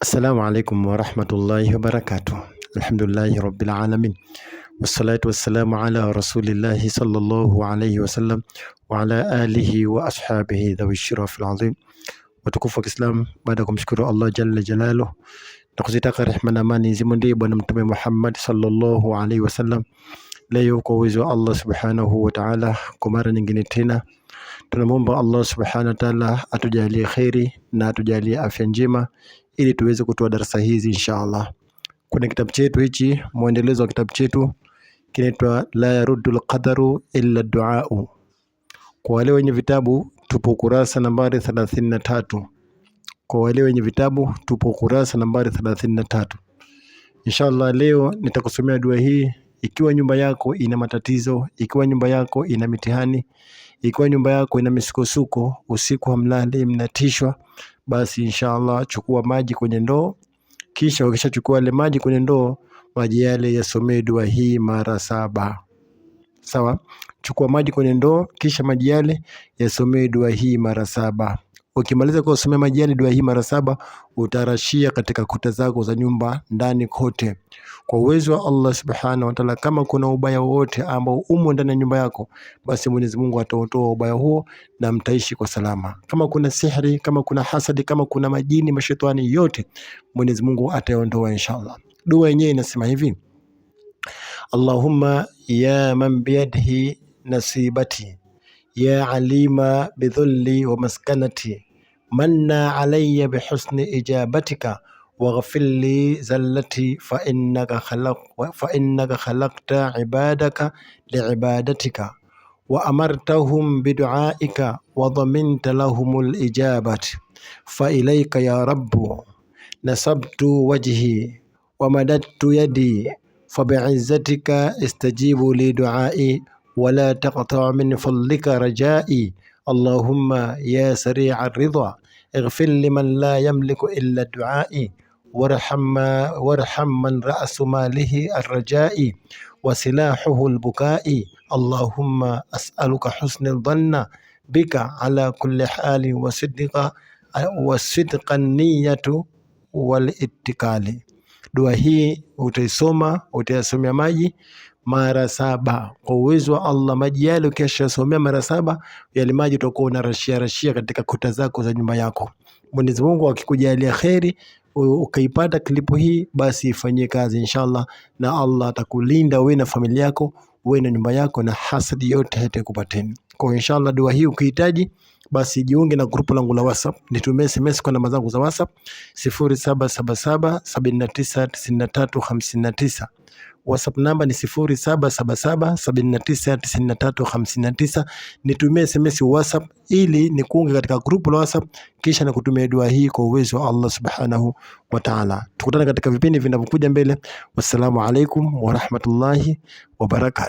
Assalamu alaikum warahmatullahi wabarakatuh. Alhamdulillahi rabbil alamin wassalatu wassalamu ala rasulillahi sallallahu alayhi wasallam wa ala alihi wa ashabihi dhawi shirafil azim. Watukufu wa Kiislamu, baada ya kumshukuru Allah jalla jalalu na kuzitaka rehma na amani zimwendee Bwana Mtume Muhammad sallallahu alaihi wasallam, leo kwa uwezo wa Allah subhanahu wa ta'ala, kwa mara nyingine tena tunamwomba Allah subhanahu wa ta'ala atujalie kheri na tujalie afya njema ili tuweze kutoa darasa hizi insha Allah. Kuna kitabu chetu hichi, mwendelezo wa kitabu chetu kinaitwa la yaruddu alqadaru illa duau. Kwa wale wenye vitabu tupo kurasa nambari 33. Kwa wale wenye vitabu tupo kurasa nambari 33. Inshallah leo nitakusomea dua hii ikiwa nyumba yako ina matatizo, ikiwa nyumba yako ina mitihani, ikiwa nyumba yako ina misukosuko, usiku hamlali, mnatishwa, basi inshallah chukua maji kwenye ndoo, kisha ukishachukua yale maji kwenye ndoo, maji yale yasomee dua hii mara saba. Sawa, chukua maji kwenye ndoo, kisha maji yale yasomee dua hii mara saba. Ukimaliza kuwasomea majani dua hii mara saba, utarashia katika kuta zako za nyumba ndani kote, kwa uwezo wa Allah subhanahu wa ta'ala. Kama kuna ubaya wowote ambao umo ndani ya nyumba yako, basi Mwenyezi Mungu atautoa ubaya huo na mtaishi kwa salama. Kama kuna sihri, kama kuna hasadi, kama kuna majini, mashetani, yote Mwenyezi Mungu ataondoa inshallah. Dua yenyewe inasema hivi: Allahumma ya man biyadihi nasibati ya alima bidhulli wa maskanati من علي بحسن إجابتك واغفر لي زلتي فإنك خلق فإنك خلقت عبادك لعبادتك وأمرتهم بدعائك وضمنت لهم الإجابة فإليك يا رب نصبت وجهي ومددت يدي فبعزتك استجيب لي دعائي ولا تقطع من فضلك رجائي اللهم يا سريع الرضا اغفر لمن لا يملك إلا الدعاء وارحم وارحم من رأس ماله الرجاء وسلاحه البكاء اللهم أسألك حسن الظن بك على كل حال وصدق وصدق النية والاتكال. Dua وتيسوما utaisoma, utayasomea mara saba kwa uwezo wa Allah. Maji yale ukishasomea mara saba, yale maji utakuwa unarashia rashia katika kuta zako za nyumba yako. Mwenyezi Mungu akikujalia kheri ukaipata klipu hii, basi ifanyie kazi inshallah, na Allah atakulinda wewe na familia yako, wewe na nyumba yako, na hasadi yote hatakupateni. Kwa inshallah, dua hii ukihitaji basi jiunge na grupu langu la WhatsApp, nitumie SMS kwa namba zangu za WhatsApp 0777799359. WhatsApp namba ni 0777799359. Nitumie SMS WhatsApp ili nikuunge katika grupu la WhatsApp, kisha kutumia dua hii kwa uwezo wa Allah Subhanahu wa Ta'ala. Tukutane katika vipindi vinavyokuja mbele. Wassalamu alaikum warahmatullahi wabarakatuh.